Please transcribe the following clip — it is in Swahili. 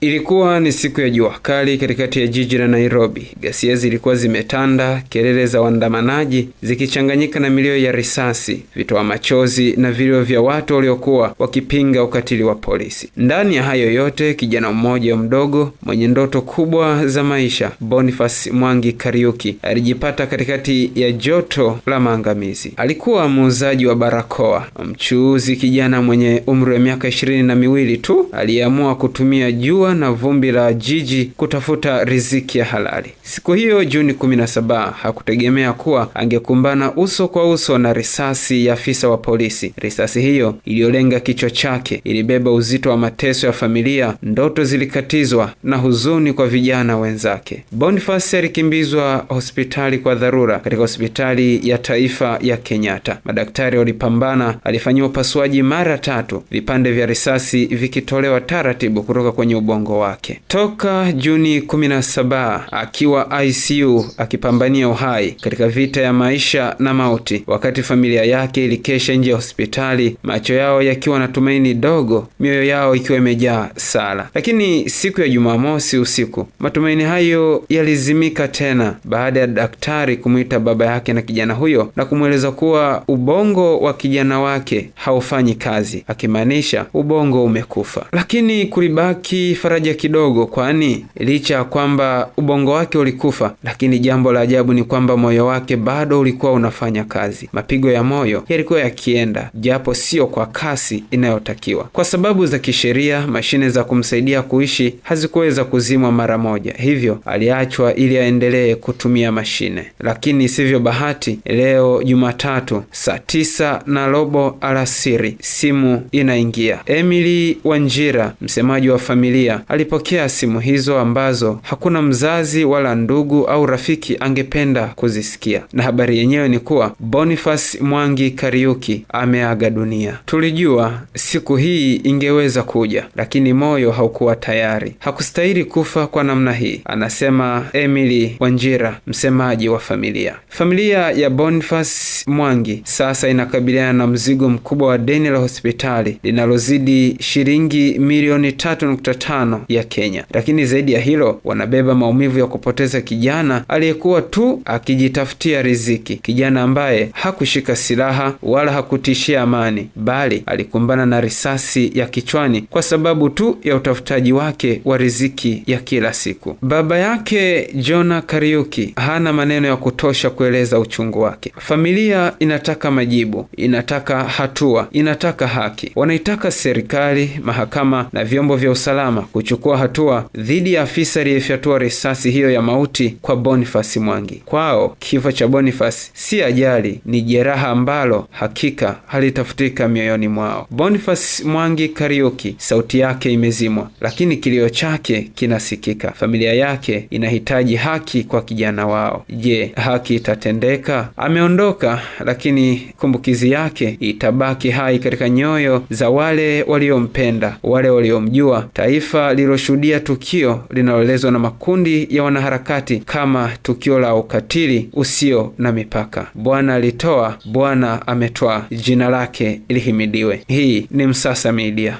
Ilikuwa ni siku ya jua kali katikati ya jiji la Nairobi. Ghasia zilikuwa zimetanda, kelele za waandamanaji zikichanganyika na milio ya risasi, vitoa machozi na vilio vya watu waliokuwa wakipinga ukatili wa polisi. Ndani ya hayo yote, kijana mmoja mdogo mwenye ndoto kubwa za maisha, Boniface Mwangi Kariuki, alijipata katikati ya joto la maangamizi. Alikuwa muuzaji wa barakoa, mchuuzi kijana mwenye umri wa miaka ishirini na miwili tu aliyeamua kutumia jua mvua na vumbi la jiji kutafuta riziki ya halali. Siku hiyo Juni 17 hakutegemea kuwa angekumbana uso kwa uso na risasi ya afisa wa polisi. Risasi hiyo iliyolenga kichwa chake ilibeba uzito wa mateso ya familia, ndoto zilikatizwa na huzuni kwa vijana wenzake. Boniface alikimbizwa hospitali kwa dharura katika hospitali ya taifa ya Kenyatta. Madaktari walipambana, alifanyiwa upasuaji mara tatu, vipande vya risasi vikitolewa taratibu kutoka kwenye ubongo ubongo wake toka Juni 17 akiwa ICU akipambania uhai katika vita ya maisha na mauti. Wakati familia yake ilikesha nje ya hospitali, macho yao yakiwa na tumaini dogo, mioyo yao ikiwa imejaa sala. Lakini siku ya Jumamosi usiku matumaini hayo yalizimika tena baada ya daktari kumwita baba yake na kijana huyo na kumweleza kuwa ubongo wa kijana wake haufanyi kazi, akimaanisha ubongo umekufa, lakini kulibaki faraja kidogo, kwani licha ya kwamba ubongo wake ulikufa, lakini jambo la ajabu ni kwamba moyo wake bado ulikuwa unafanya kazi. Mapigo ya moyo yalikuwa yakienda, japo sio kwa kasi inayotakiwa. Kwa sababu za kisheria, mashine za kumsaidia kuishi hazikuweza kuzimwa mara moja, hivyo aliachwa ili aendelee kutumia mashine. Lakini isivyo bahati, leo Jumatatu saa tisa na robo alasiri, simu inaingia. Emily Wanjira, msemaji wa familia alipokea simu hizo ambazo hakuna mzazi wala ndugu au rafiki angependa kuzisikia, na habari yenyewe ni kuwa Boniface Mwangi Kariuki ameaga dunia. Tulijua siku hii ingeweza kuja, lakini moyo haukuwa tayari. Hakustahili kufa kwa namna hii, anasema Emily Wanjira, msemaji wa familia. Familia ya Boniface Mwangi sasa inakabiliana na mzigo mkubwa wa deni la hospitali linalozidi shilingi milioni 3.5 tano ya Kenya. Lakini zaidi ya hilo, wanabeba maumivu ya kupoteza kijana aliyekuwa tu akijitafutia riziki, kijana ambaye hakushika silaha wala hakutishia amani, bali alikumbana na risasi ya kichwani kwa sababu tu ya utafutaji wake wa riziki ya kila siku. Baba yake Jona Kariuki hana maneno ya kutosha kueleza uchungu wake. Familia inataka majibu, inataka hatua, inataka haki, wanaitaka serikali, mahakama na vyombo vya usalama kuchukua hatua dhidi ya afisa aliyefyatua risasi hiyo ya mauti kwa Bonifasi Mwangi. Kwao kifo cha Bonifasi si ajali, ni jeraha ambalo hakika halitafutika mioyoni mwao. Bonifasi Mwangi Kariuki, sauti yake imezimwa, lakini kilio chake kinasikika. Familia yake inahitaji haki kwa kijana wao. Je, haki itatendeka? Ameondoka, lakini kumbukizi yake itabaki hai katika nyoyo za wale waliompenda, wale waliomjua. Taifa liloshuhudia lililoshuhudia tukio linaloelezwa na makundi ya wanaharakati kama tukio la ukatili usio na mipaka. Bwana alitoa, Bwana ametwaa, jina lake lihimidiwe. Hii ni Msasa Media.